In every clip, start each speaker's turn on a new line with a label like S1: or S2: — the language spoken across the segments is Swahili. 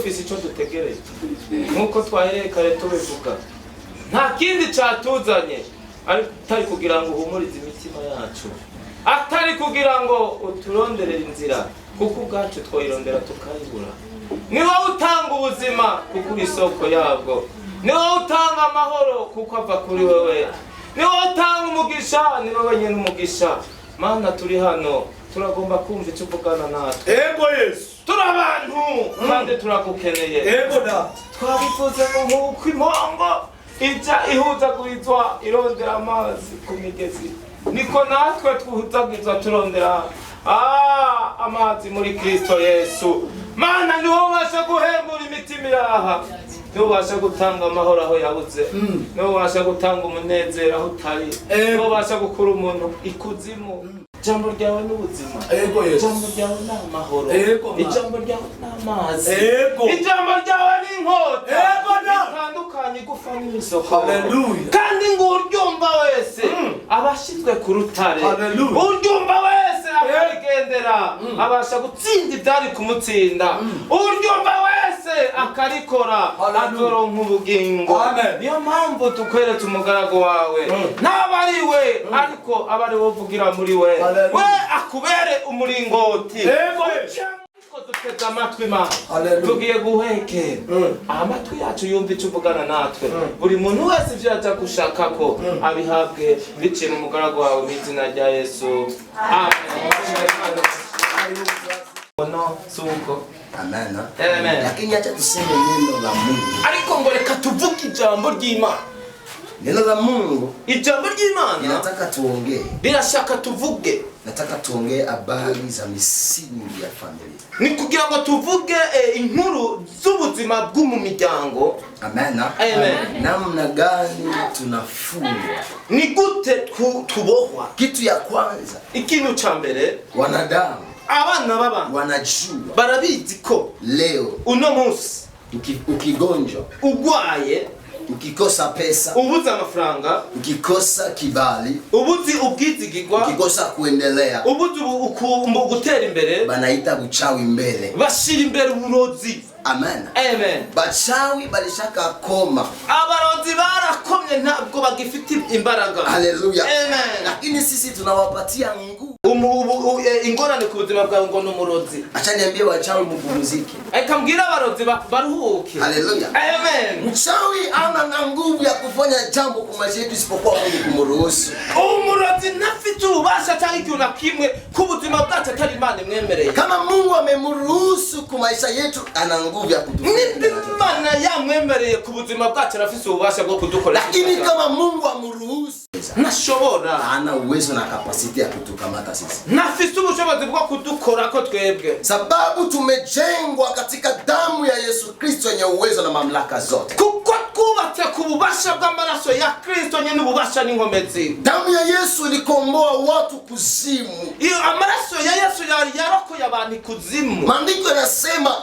S1: dufise ico dutegereje nk'uko twahereye kare tubivuga nta kindi cyatuzanye atari kugira ngo uhumurize imitima yacu atari kugira ngo uturonderere inzira kuko ubwacu twayirondera tukayibura ni wowe utanga ubuzima kuko uri isoko yabwo ni wowe utanga amahoro kuko ava kuri wowe ni wowe utanga umugisha ni wowe umugisha mana turi hano turagomba kumva icyo uvugana natwe
S2: yego yesu turi abantu
S1: kandi turagukeneye twabikoze ngo nk'uko imongo ijya ihuzagurizwa irondera amazi ku migezi niko natwe twihuzagurizwa turondera amazi muri kirisito yesu mana niho ubasha guhembura imitima iraha niwe ubasha gutanga amahoro aho yabuze niwe gutanga umunezero aho utari niwe gukura umuntu ikuzimu ijambo ryawe ni ubuzima ijambo ryawe ni amahoro ijambo ryawe ni amazi ijambo ryawe ni inkota migufa
S2: haleluya
S1: kandi ngo uryumva wese mm. abashinzwe ku rutare uryumva wese eh. akarigendera mm. abasha gutsinda ibyari kumutsinda uryumva mm. wese akarikora atoronka ubugingo niyo mpamvu tukweretse umugaragu wawe naba ari we ariko aba ari wowe uvugira muri we we akubere umuringoti duteze amatwi mana tugiye guheke hmm. amatwi yacu yumva icyo uvugana natwe hmm. buri muntu wese ibyo yajya ko hmm. abihabwe biciye mu mugaragu wawe mu izina rya yesu ariko ngo reka tuvuge ijambo ry'Imana ijambo ry'Imana
S3: linataka tuvuge nataka tuongee habari za misingi ya familia
S1: ni kugira ngo tuvuge eh, inkuru z'ubuzima bwo mu miryango
S3: amen namna gani tunafungwa
S1: ni gute tubohwa
S3: kitu ya kwanza
S1: ikintu cha mbere
S3: wanadamu
S1: abana baba
S3: wanajua
S1: barabizi ko leo uno munsi
S3: ukigonjwa
S1: ugwaye
S3: ukikosa pesa,
S1: ubuze amafaranga,
S3: ukikosa kibali,
S1: ubuzi ubwizigirwa,
S3: ukikosa kuendelea,
S1: ubuzi ukumbo gutera imbere,
S3: banaita buchawi mbele,
S1: bashira imbere uburozi. Amen. Amen.
S3: Bachawi balishaka koma.
S1: Abarozi barakomye ntabwo bagifite imbaraga.
S3: Haleluya. Amen. Lakini sisi tunawapatia nguvu.
S1: Umubu e, ingorane ku buzima bwawe ngo numurozi.
S3: Acha niambie wachawi mupumzike.
S1: Eka mbwira abarozi baruhuke. Haleluya. Amen.
S3: Mchawi bila kufanya jambo kwa maisha yetu isipokuwa Mungu kumuruhusu.
S1: Umurozi ntafite ububasha cyangwa ikintu una kimwe kubutima buzima bwacu mane Imana
S3: Kama Mungu amemruhusu kwa maisha yetu, ana nguvu ya kutupa.
S1: Ni Imana yamwemereye ku buzima bwacu, anafite ububasha kwa kudukoresha.
S3: Lakini kama Mungu amruhusu
S1: ntashobora
S3: hana uwezo na kapasiti ya kutukamata sisi.
S1: Nafise ubushobozi bwo kudukorako twebwe,
S3: sababu tumejengwa katika damu ya Yesu Kristo yenye uwezo na mamlaka zote,
S1: kuko twubatse ku bubasha bw'amaraso ya Kristo yenye n'inkomezi.
S3: Damu ya Yesu ilikomboa watu kuzimu,
S1: iyo amaraso ya Yesu yarokoye abantu kuzimu.
S3: Maandiko yanasema,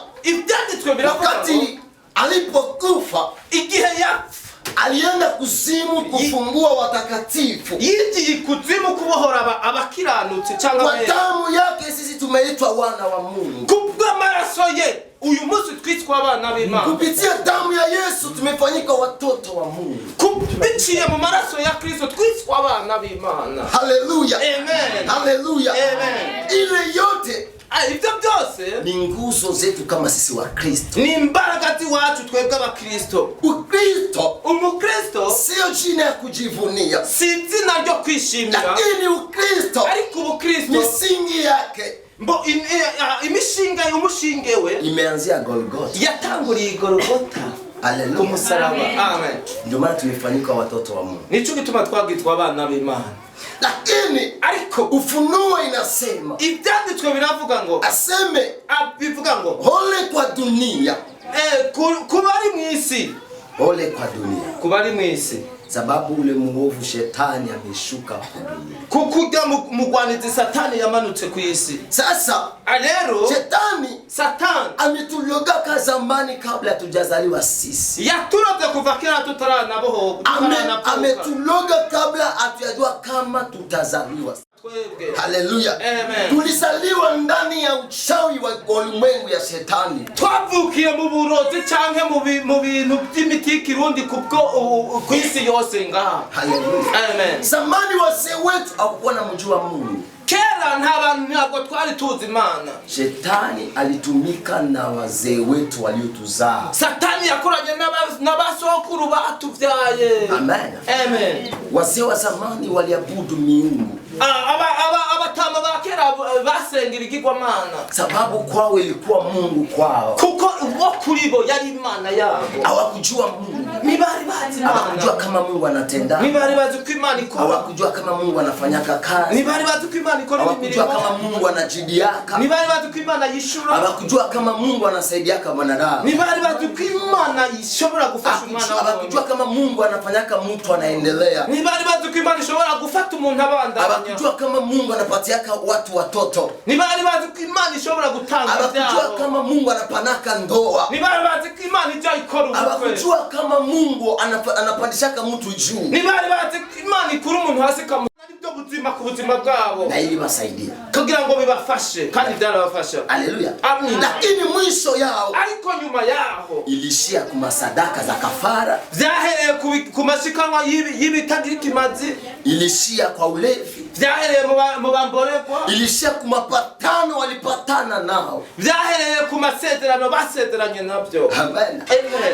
S3: wakati alipokufa, igihe yapfa alienda kuzimu kufungua watakatifu,
S1: yiji kuzimu kubohora abakiranutse cyangwa
S3: kwa damu yake sisi tumeitwa wana wa Mungu,
S1: kubw'amaraso ye uyu munsi twitwa abana b'Imana,
S3: kupitia damu ya Yesu tumefanyika watoto wa Mungu,
S1: kupitia mu maraso ya Kristo twitwa abana b'Imana.
S3: Haleluya,
S1: amen,
S3: haleluya,
S1: amen.
S3: Ile yote
S1: Ah, ibyo byose
S3: ni nguzo zetu kama sisi wa Kristo,
S1: ni mbaraka wacu twebwe Abakristo.
S3: Ukristo,
S1: Umukristo
S3: sio jina ya kujivunia,
S1: si jina ryo kwishimira,
S3: lakini Ukristo,
S1: ariko Ubukristo
S3: misingi yake
S1: mbo im, uh, imishinga umushinge we
S3: imeanzia Golgotha,
S1: yatanguriye Golgotha Haleluya, kumusaraba.
S2: Amen,
S3: ndio maana tumefanyika watoto wa Mungu,
S1: nico gituma twagitwa abana b'Imana
S3: lakini ariko ufunuo inasema
S1: ibyanditswe biravuga ngo aseme ah, bivuga ngo
S3: hole kwa dunia
S1: eh, kuba ari mu isi
S3: hole kwa dunia kuba ari sababu ule muovu shetani ameshuka
S1: kukuja mugwanitsi satani yamanutse ku isi sasa alero
S3: shetani
S1: satani
S3: ametulogaka zamani kabla tujazaliwa sisi
S1: yaturoze kuva kera tutaranaboho
S3: ametuloga kabla atuyajua kama tutazaliwa Haleluya, Tulisaliwa ndani ya uchawi wa ulimwengu ya shetani.
S1: twavukiye mu burozi canke mu bintu by'imiti kirundi kubwo kwisi yose ngaha.
S3: Haleluya, zamani wazee wetu hakukuwa na mjua Mungu
S1: kera ntabantu bantu ntabwo twari tuzi imana
S3: shetani alitumika na wazee wetu waliotuzaa
S1: satani yakoranye na basokuru batubyaye amen amen
S3: wazee wa zamani waliabudu miungu
S1: ah, abatama ba kera eh, basengera ikigwamana
S3: sababu kwawe ilikuwa mungu kwao
S1: kuko uwo kuri bo yari imana yabo
S3: awakujua mungu hawakujua kama Mungu anatenda, hawakujua kama Mungu anafanyaka kazi,
S1: hawakujua
S3: kama Mungu anajidiaka, hawakujua kama Mungu anasaidiaka mwanadamu, hawakujua kama Mungu anafanyaka mtu anaendelea, hawakujua kama Mungu anapatiaka watu watoto, hawakujua kama Mungu anapanaka ndoa, hawakujua kama Mungu Mungu anapandishaka mtu juu.
S1: Ni bari bati Imana ikuru umuntu hasi kamu nibyo buzima ku buzima bwabo.
S3: Na ili basaidia.
S1: Kugira ngo bibafashe kandi byarabafasha.
S3: Haleluya. Lakini mwisho yao
S1: ariko nyuma yaho
S3: ilishia ku masadaka za kafara.
S1: Zahereye ku mashikanwa y'ibitabirikimazi
S3: ilishia kwa ulevi,
S1: vyahereye mu
S3: ilishia kumapatano, walipatana nao, vyahereye Amen.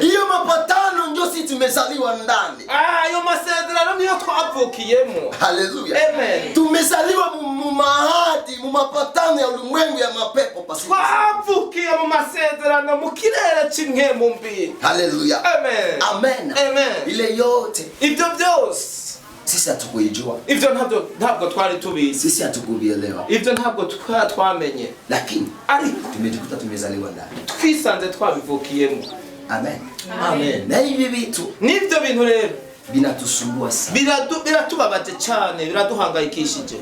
S3: Iyo mapatano ndio sisi tumezaliwa ndani,
S1: ah, niyo
S3: Haleluya. Amen. Tumezaliwa mu mahadi, ya ulimwengu ya mapepo Haleluya. Amen. Amen. Amen. Ile yote,
S1: ivyo vyose
S3: sisi hatukuijua.
S1: have got quality to be
S3: Sisi If hatukuvielewa.
S1: Ivyo ntabwo twari twamenye.
S3: Lakini ari tumejikuta tumezaliwa ndani.
S1: Twisanze twabivukiyemo. Amen. Amen.
S3: Na hivi vitu
S1: ni nivyo bintu rero
S3: binatusumbua sana.
S1: Bila bila tu Biratu biratubabaje cyane, biraduhangayikishije.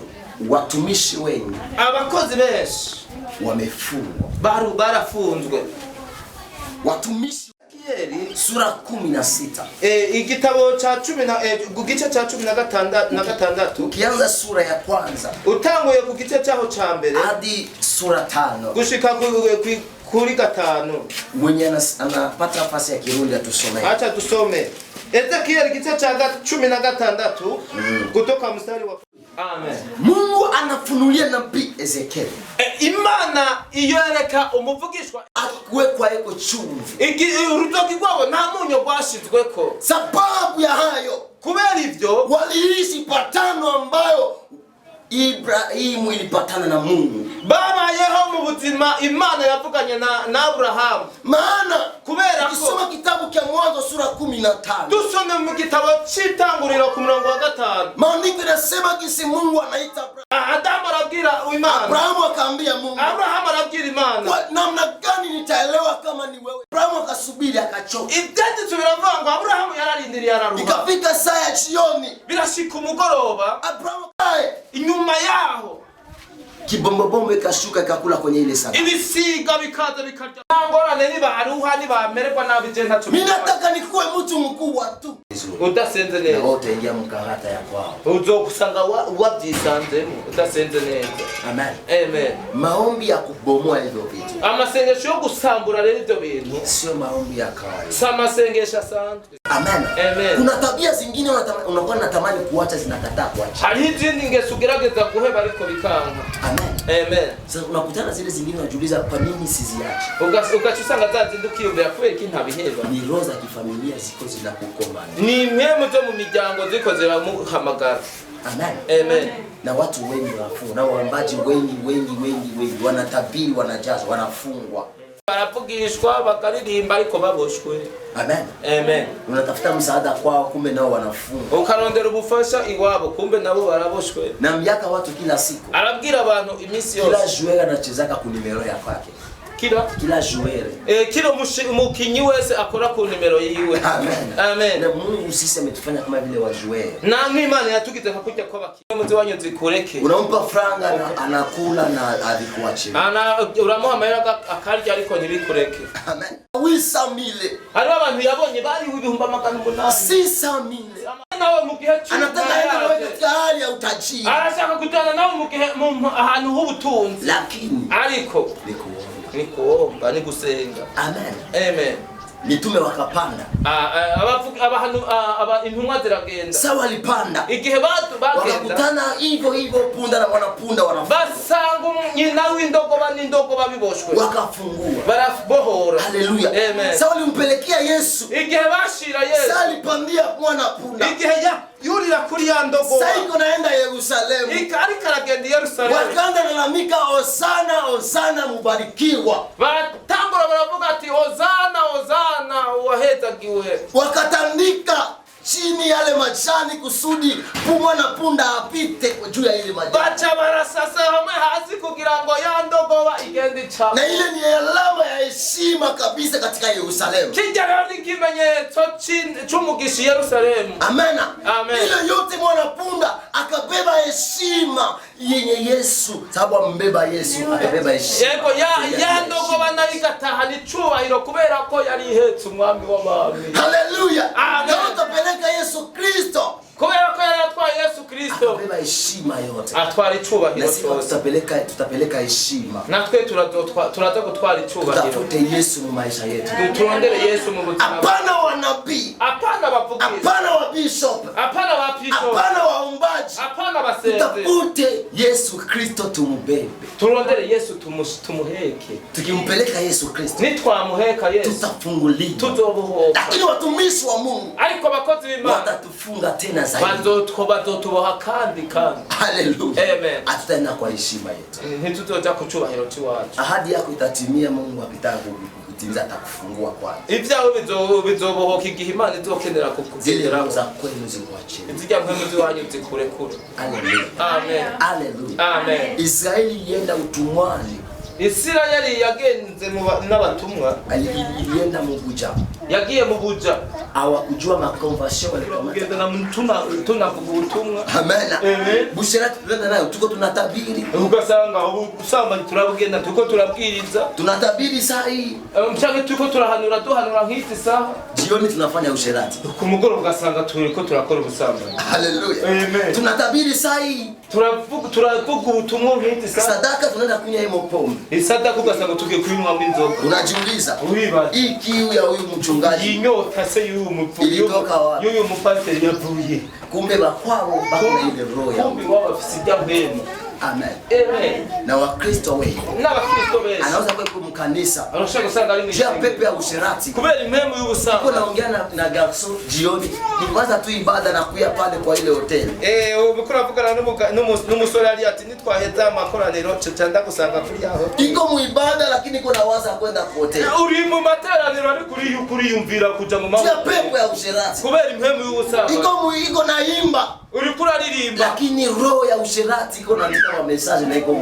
S3: Watumishi wengi.
S1: Abakozi benshi
S3: wamefungwa.
S1: Baru barafunzwe.
S3: Watumishi Ezekieli sura 16.
S1: Eh, igitabo cha 10 na eh, cha 10 na gatandatu na gatandatu.
S3: Kianza sura ya kwanza.
S1: Utanguye kugice chaho cha mbere
S3: hadi sura tano.
S1: Gushika eh, kuri gatano.
S3: Mwenye anapata nafasi ya Kirundi atusome.
S1: Acha tusome. Ezekiel kitabu cha cumi na mm. kutoka mstari wa
S2: Amen.
S3: Mungu anafunulia nabii Ezekiel.
S1: E, Imana iyoreka umuvugishwa
S3: akwe kwa eko chumvi.
S1: Iki urutoki e, gwawe na munyo gwashizweko.
S3: Sababu ya hayo
S1: kubera ivyo
S3: waliishi patano ambayo Ibrahimu ilipatana na Mungu.
S1: babayeho mu buzima Imana yavuganye na na Aburahamu.
S3: Maana kubera ko tusoma kitabu cha Mwanzo sura 15.
S1: Tusome mu gitabo cy'itanguriro ku murongo wa gatanu.
S3: Maandiko yanasema kisi Mungu anaita Abrahamu.
S1: Ah, Adamu arabwira Imana.
S3: Abrahamu akaambia Mungu.
S1: Abrahamu arabwira Imana.
S3: Kwa Namna gani nitaelewa kama ni wewe? akasubiri akachoka.
S1: Ibyanditswe biravuga ngo Aburahamu yararindiriye araruha.
S3: Ikafika saa ya jioni,
S1: birashika umugoroba, Aburahamu inyuma yaho
S3: kibombobombo ikashuka ikakula kwenye ile sana.
S1: Ibisiga bikaza bikarya. Ngorane niba aruha niba mererwa na je ntacho.
S3: Mimi nataka nikuwe mtu mkubwa tu.
S2: Udasenze neza.
S3: Na wote ingia mkahata ya kwao.
S2: Uzokusanga wabyisanzemo udasenze neza.
S3: Amen. Amen. Maombi ya kubomoa hivyo vitu.
S1: Ama yo gusambura rero ivyo bintu.
S3: Sio maombi ya kawaida.
S1: Samasengesho asanzwe. Amen. Amen.
S3: Kuna tabia zingine unakuwa unatamani kuacha zinakataa kuacha.
S1: Hari izindi ngesugerageza kuheba ariko bikanga.
S3: Amen. Amen. Sasa unakutana zile zingine unajiuliza kwa nini siziache?
S1: Ukacha usanga za zindi ukiyumvira kweli kina biheba.
S3: Ni roho za kifamilia ziko zinakukomana.
S1: Ni mwemo zo mu miryango ziko ziramuhamagara. Amen. Amen.
S3: Na watu wengi wafu na waambaji wengi wengi wengi wengi wanatabiri, wanajazwa, wanafungwa. Mm
S1: baravugishwa bakaririmba ariko baboshwe amen amen
S3: unatafuta msaada kwao kumbe nao wanafungwa
S1: ukarondera ubufasha iwabo kumbe nabo baraboshwe
S3: na miaka watu kila siku
S1: arabwira abantu iminsi yose
S3: kila juega na anachezaka ku nimero ya kwake kila kila joueur
S1: eh, kila mukinyi wese akora ku nimero yiwe. Amen, amen.
S3: Na Mungu sisi ametufanya kama vile wa joueur,
S1: na mwimana yatukiteka kuja kwa bakini mtu wanyo zikureke,
S3: unampa franga okay. na anakula na adikuache
S1: ana uramuha mahera akarya ariko ntibikureke.
S3: Amen, wisamile
S1: ari abantu yabonye bari wibihumba magana
S3: umunani sisamile nawe mu anataka hela wewe katika hali ya utajiri,
S1: anataka kutana nawe mu gihe mu ahantu h'ubutunzi,
S3: lakini ariko nikuwa
S1: ni kuomba ni amen amen
S3: nitume wakapanda
S1: ah, ah, ah, intumwa ziragenda
S3: sawa alipanda igihe wakakutana hivyo hivyo punda na wanapunda wanafunga
S1: nyina w'indogoba n'indogoba biboshwe
S3: wakafungua
S1: barabohora
S3: haleluya sawa Yesu
S1: igihe bashira Yesu
S3: sawa alipandia mwana punda
S1: igihe ya yurira kuri ya ndogoba
S3: saiko naenda Yerusalemu,
S1: ikariko aragenda Yerusalemu,
S3: waganda nalalamika osana osana, mubarikiwa.
S1: Batambura baravuga ati osana osana, uwahetagiwe,
S3: wakatandika chini yale majani kusudi pumwa na punda apite juu ya ile majani.
S1: Bacha sasa hamwe hazi kugira ngo wa igendi cha.
S3: Na ile ni alama ya heshima kabisa katika Yerusalemu.
S1: Kijya rero ni kimenyetso cy'umugisha Yerusalemu. Amena. Amen.
S3: Ile yote mwana punda akabeba heshima yenye yesu sababu amebeba yesu
S1: amebeba yesu yego ya ndogo banayigataha ni cubahiro kubera ko yari ihetse umwami mami
S3: haleluya tupeleka yesu kristo
S1: kubera ko yari atwaye yesu kristo
S3: amebeba heshima yote
S1: atwara icubahiro
S3: cyose tutapeleka tutapeleka heshima
S1: na natwe turaza gutwara icubahiro
S3: tutafute yesu mu maisha yetu
S1: turondere yesu mu
S3: buzima hapana wanabii
S1: hapana wavugizi
S3: hapana wabishop hapana hapana waombaji, tutafute Yesu Kristo tumubebe,
S1: turondere Yesu tumuheke.
S3: Tukimpeleka Yesu Kristo
S1: ni twamuheka Yesu
S3: tutafungulia
S1: tutobohoka.
S3: Lakini watumishi wa Mungu
S1: ariko bakozi b'Imana
S3: watatufunga tena zaidi,
S1: tuko bazotuboha kandi kandi.
S3: Haleluya, amen. Hatutaenda kwa heshima yetu,
S1: ni ntituzoja ku cyubahiro cy'iwacu.
S3: Ahadi yako itatimia, Mungu akitaka sinzi atakufungua kwanza
S1: ivyawe boho igihe imana kenera
S3: kukugira za kwenu zimuwacheni
S1: zijya kwenu ziwanyu kure
S3: amen amen amen israeli yenda utumwani
S1: isira yari yagenze n'abatumwa
S3: yenda mu mubuja
S1: yagiye mu awa kujua mubuja
S3: awakujua makonvasio walikamata
S1: na mtuma tuna kubutumwa
S3: amena bushera tuna nayo tuko tunatabiri
S1: ukasanga usamba turabugenda tuko turabwiriza
S3: tunatabiri sai
S1: eh, mchange tuko turahanura tuhanura hizi saa
S3: jioni tunafanya usherati
S1: ku mugoro ugasanga tuko turakora ubusambanyi haleluya amen
S3: tunatabiri sai
S1: turavuga turavuga ubutumwa hizi saa
S3: sadaka tunaenda kunya hiyo pombe
S1: Isada kugasanga tugiye kuyinywa inzoga.
S3: Unajiuliza. Hii kiu ya huyu mchungaji.
S1: Hii nyota se yuyu mvuvi.
S3: Ilitoka wapi?
S1: Yuyu mupasiteri yavuye.
S3: Kumbe bakwao bakuna ile roho ya.
S1: Kumbe wao afisi damu. Amen. Amen.
S3: Na Wakristo wengi anaweza kuwa mkanisa Je, pepe ya usherati.
S1: Niko
S3: naongea na, na garso jioni kwanza tu ibada na kuya pale kwa ile hoteli
S1: eh, na numu numu n'umusore ali ati ni kwa heta ni amakoraniro tutanda kusanga kulia aho
S3: Niko mu ibada, lakini kuna waza kwenda ku hoteli.
S1: Eh, matera ni materaniro kuri kuri umvira kuja mu
S3: mambo ya pepe ya usherati,
S1: kubera impemu y'ubusaba
S3: Niko mu iko naimba,
S1: Ulikula lilimba.
S3: lakini roho ya usherati iko na message naiko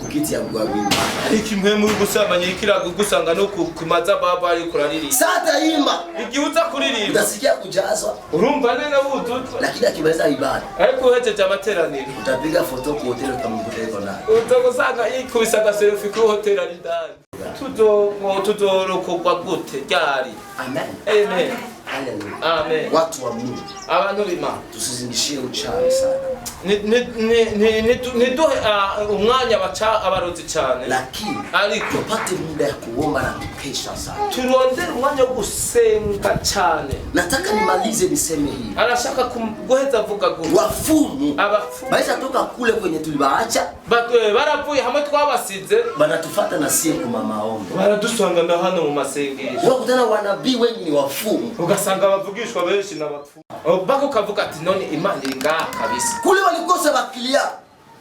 S3: kukiti ya mgwagwini
S1: ikimwemu gusambanya ikirago gusanga no kumaza baba ari kurariri
S3: sata imba
S1: igiuza kuririmba
S3: udasikia kujazwa
S1: urumva nene bututwa
S3: lakini akimaliza ibada
S1: ariko heje cha materaniro
S3: utapiga foto ku hotel utamugureko na
S1: utakusanga ikubisaga selfie ku hotel ndani tuzo mo tuzo rokogwa gute ryari amen amen, amen.
S3: Watu wa Mungu
S1: abantu b'Imana
S3: tusizindishie ucayi sana
S1: ntiduhe ah, umwanya abarozi cyane lakini ariko
S3: tupate muda ya kuomba na kupesha sana
S1: turondere umwanya wo gusenga cyane
S3: nataka nimalize niseme hii
S1: anashaka guheza avuga gutya
S3: wafumu abafumu toka kule kwenye tulibaacha
S1: baravuye eh, hamwe twabasize
S3: banatufata na sie ku mamaombo
S1: baradusangana hano mu masengesho
S3: wakutana wanabii wengi ni wafumu
S1: Ugas wasanga bavugishwa benshi n'abapfu bako kavuga ati none imana inga ngaha kabisa
S3: kule walikosa bakiliya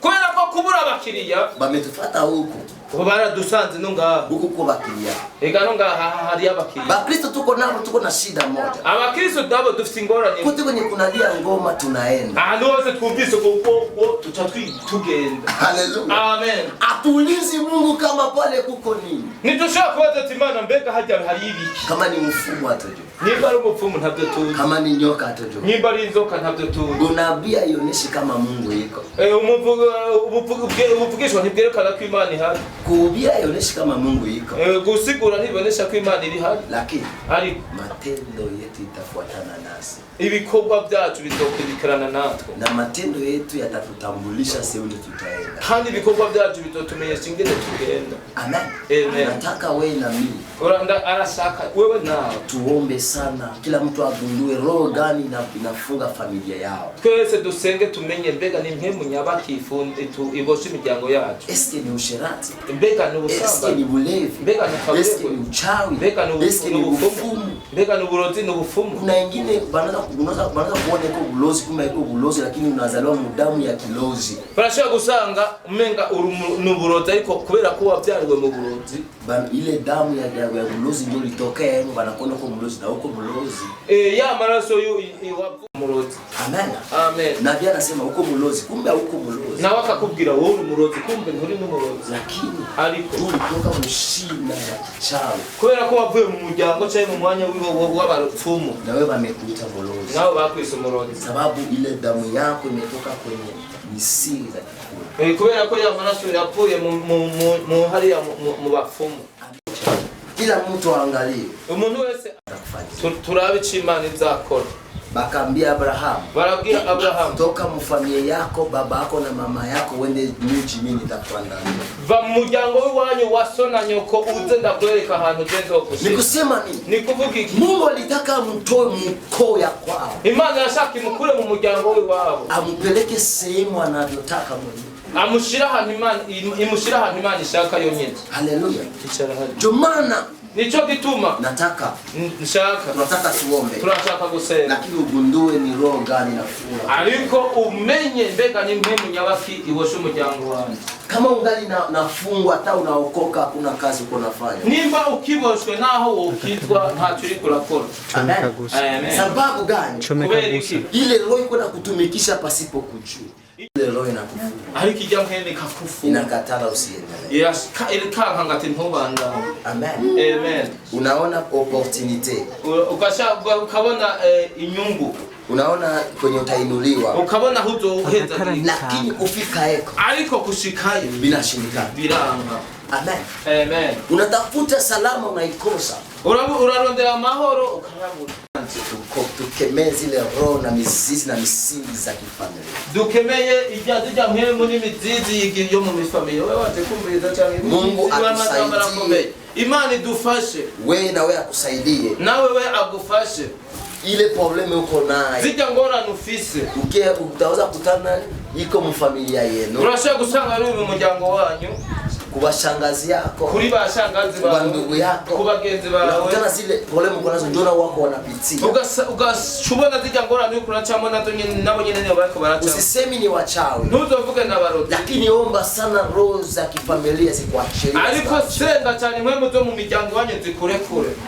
S1: kwera ko kubura abakiriya
S3: bametufata huko
S1: ubu dusanze no ngaha
S3: huko kwa bakiliya
S1: ega no ngaha hari abakiriya
S3: Kristo tuko nao tuko na shida moja
S1: Kristo dabo dufite ingorane
S3: kuti kwenye kunalia ngoma tunaenda
S1: ah ahantu hose twumvise ko uko tutatwi tugenda
S3: haleluya amen atuulizi mungu kama pale kuko nini
S1: nitushaka kwa ati imana mbega hajya hari ibiki
S3: kama ni mfumo atajua
S1: Niba ari umupfumu ntabyo tuzi.
S3: Kama ni nyoka hatujui.
S1: Niba ari inzoka ntabyo tuzi.
S3: Unabia yonishi kama Mungu yuko.
S1: Eh, umuvuga eh, ubuvugishwa ntibwerekana ko Imana ihari.
S3: Kuhubiri yonishi kama Mungu yuko.
S1: Eh, kusigura ntibionesha ko Imana iri hali. Lakini ari
S3: matendo yetu itafuatana nasi.
S1: Ibikorwa byacu bizokurikiranana natwe.
S3: Na matendo yetu yatatutambulisha sehemu tutaenda.
S1: Kandi ibikorwa byacu bizotumenyesha singene tugenda. Amen. Amen.
S3: Nataka wewe na mimi.
S1: Uranda arashaka wewe na
S3: tuombe sana, kila mtu agundue roho gani inafunga familia yao.
S1: Twese dusenge tumenye mbega ni mpemu nyabakifunde tu ibosha imiryango yacu.
S3: Eske ni usherati? Mbega ni usamba Eske ni bulevi? Mbega ni fabeko Eske ni uchawi? Mbega ni eske ni ufumu?
S1: Mbega ni ulozi ni ufumu?
S3: Kuna ingine banaza kunaweza banaza kuona iko ulozi kuma iko ulozi, lakini unazaliwa mudamu ya kilozi.
S1: Barashobora gusanga umenga uri mu burozi ariko kubera ko wabyariwe mu burozi
S3: Ban, ile damu ya ya, ya mlozi ndio litokea yenu banakonda kwa mlozi na huko mlozi
S1: eh ya maraso yu iwapo
S3: mlozi amen amen na vya nasema huko mlozi kumbe huko mlozi
S1: na waka wakakubwira wowe mlozi kumbe nturi mu mlozi lakini ariko
S3: ulitoka mushina ya kichawi
S1: kubera ko wavuye mu mujyango cha mu mwanya na
S3: nawe bamekuita mlozi
S1: nao bakwise mlozi
S3: sababu ile damu yako imetoka kwenye misiri za kichawi
S1: Eh, kubera ko ya maraso yavuye mu hariya mu bafumu
S3: kila mtu angalie
S1: umuntu wese turabe icyo Imana izakora.
S3: bakambia Abrahamu,
S1: barabwira Abrahamu,
S3: toka mu familia yako baba yako na mama yako wende nchi mimi nitakuandalia.
S1: Va muryango wanyu waso na nyoko uze ndakwereka ahantu ugeze wokushika.
S3: Nikusema nini?
S1: Nikuvuga iki?
S3: Mungu alitaka mtoe mkoo ya kwao.
S1: Imana yashaka imukure mu muryango w'iwabo.
S3: Amupeleke sehemu anavyotaka mwenyewe
S1: imushira ahantu imana imushyira ahantu ishaka yonyine haleluya icara nataka nshaka
S3: tunataka tuombe
S1: tunataka gusema
S3: lakini ugundue ni roho gani nafura
S1: ariko umenye mbega ni mpemu nyabaki iwoshe umuryango wanjye
S3: kama ungali na, nafungwa hata unaokoka hakuna kazi uko nafanya
S1: nimba ukiboshwe naho wokitwa ntacyo uriko urakora
S3: sababu gani kubera ile roho iko na kutumikisha pasipo kujua roho inakufuru
S1: ariko ijya mwene ikakufuru
S3: inakatala usiendelee
S1: yes ilikaa ngati ntubanda amen amen
S3: unaona opportunity
S1: ukasha ukabona eh, inyungu
S3: unaona kwenye utainuliwa
S1: ukaona huto
S3: uheta lakini kufikaeko
S1: aliko kushikayo binashindikana
S3: biranga amen amen unatafuta salama unaikosa
S1: unarondera amahoro ukayabura
S3: tukemee zile roho na mizizi na misingi za kifamilia
S1: dukemeye ibyazo canke mizizi yo mu mifamilia wewe watekumviriza canke
S3: Mungu atusaidie
S1: Imani dufashe.
S3: wewe na wewe akusaidie
S1: Na wewe agufashe
S3: ile probleme uko naye.
S1: Zija ngora nufise.
S3: Ukia utaweza kutana iko mfamilia yenu
S1: Urashaka kusanga ari mujango wanyu
S3: ku bashangazi yako,
S1: kuri bashangazi
S3: ba ndugu yako, ku bagenzi bawe, unakutana zile problem uko nazo, njona wako wanapitia,
S1: ugashubona zile ngorane uko nachamo na nyinyi, nabo nyinyi ndio bako baracha.
S3: Usisemi ni wachawi,
S1: ndio ntuzovuge na barodi,
S3: lakini omba sana roho za kifamilia zikuachilie,
S1: ariko senga chani mwembe tu mu miryango yanyu kure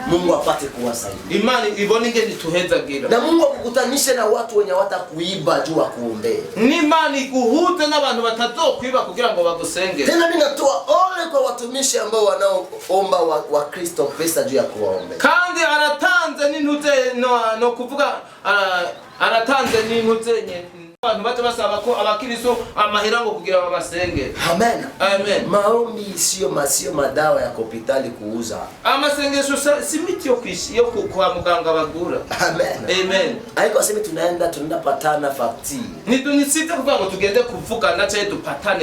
S3: Mungu apate kuwasaidia,
S1: imani ibone ni tuheza, gira
S3: na Mungu akukutanishe na watu wenye watakuiba juu akuombe
S1: ni imani kuhute na iguhuze n'abantu kuiba kugira ngo bagusenge
S3: tena ninatoa Ole kwa watumishi ambao wanaoomba Wakristo wa pesa juu ya kuwaombe.
S1: Kandi aratanze n'intute no, no kuvuga uh, aratanze n'intute nye abantu baje basaba ko abakiristo amahera ngo kugira babasenge amen amen
S3: maombi sio masio madawa ya hospitali kuuza
S1: amasengesho si miti yo yo kwa muganga bagura amen amen
S3: ariko tunaenda patana fakti
S1: ni tunisite kuvuga ngo tugende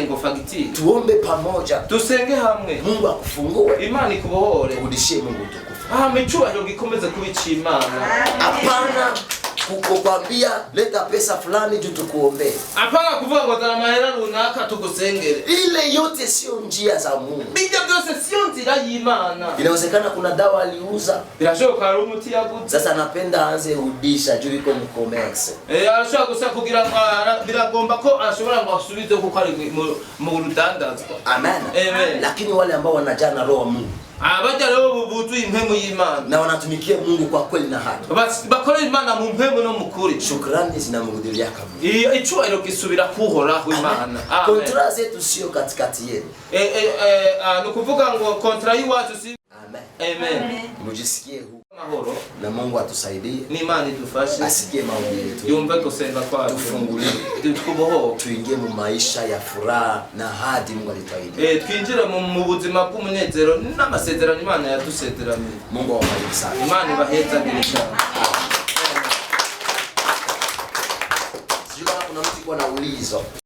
S1: ngo fakti
S3: tuombe pamoja
S1: tusenge hamwe
S3: Mungu akufungue
S1: imani Mungu tukufu ah mechua
S3: apana kukukwambia leta pesa fulani juu tukuombee.
S1: Apana kuvuga ngo dara mahera runaka tukusengere.
S3: Ile yote sio njia za Mungu.
S1: Bijya byose sio njia nzira y'Imana.
S3: Inawezekana kuna dawa aliuza.
S1: Birashoboka ari tia yaguze.
S3: Sasa napenda aanze rudisha juu iko mkomerse.
S1: Eh, arashobora gusa kugira bila gomba ko ashobora ngo asubize kuko ari mu rudandazwa. Amen. Amen.
S3: Lakini wale ambao wanajana roho Mungu.
S1: Abaja ah, roho yuzuye impemu y'Imana
S3: na wanatumikia Mungu kwa kweli na haki
S1: basi bakorera Imana mu mpemu no mu kuri
S3: shukrani zinamrudilia kaburi
S1: iyo kisubira gisubira kuhoraho Imana
S3: kontra zetu sio katikati yetu
S1: eh eh, eh ah, ni kuvuga ngo kontra y'iwacu si amen amen
S3: mujisikie na Mungu atusaidie,
S1: n'Imana idufashe,
S3: asikie maombi yetu,
S1: yumve kusenga kwacu, tufungulie tuboho,
S3: tuingie mu maisha ya furaha na hadi Mungu alituahidi,
S1: eh, twinjire mu buzima bw'umunezero n'amasezerano Imana yadusezeranije.
S3: Mungu awabariki sana,
S1: Imana ibahezagire sana. Sijui kama kuna mtu kwa na ulizo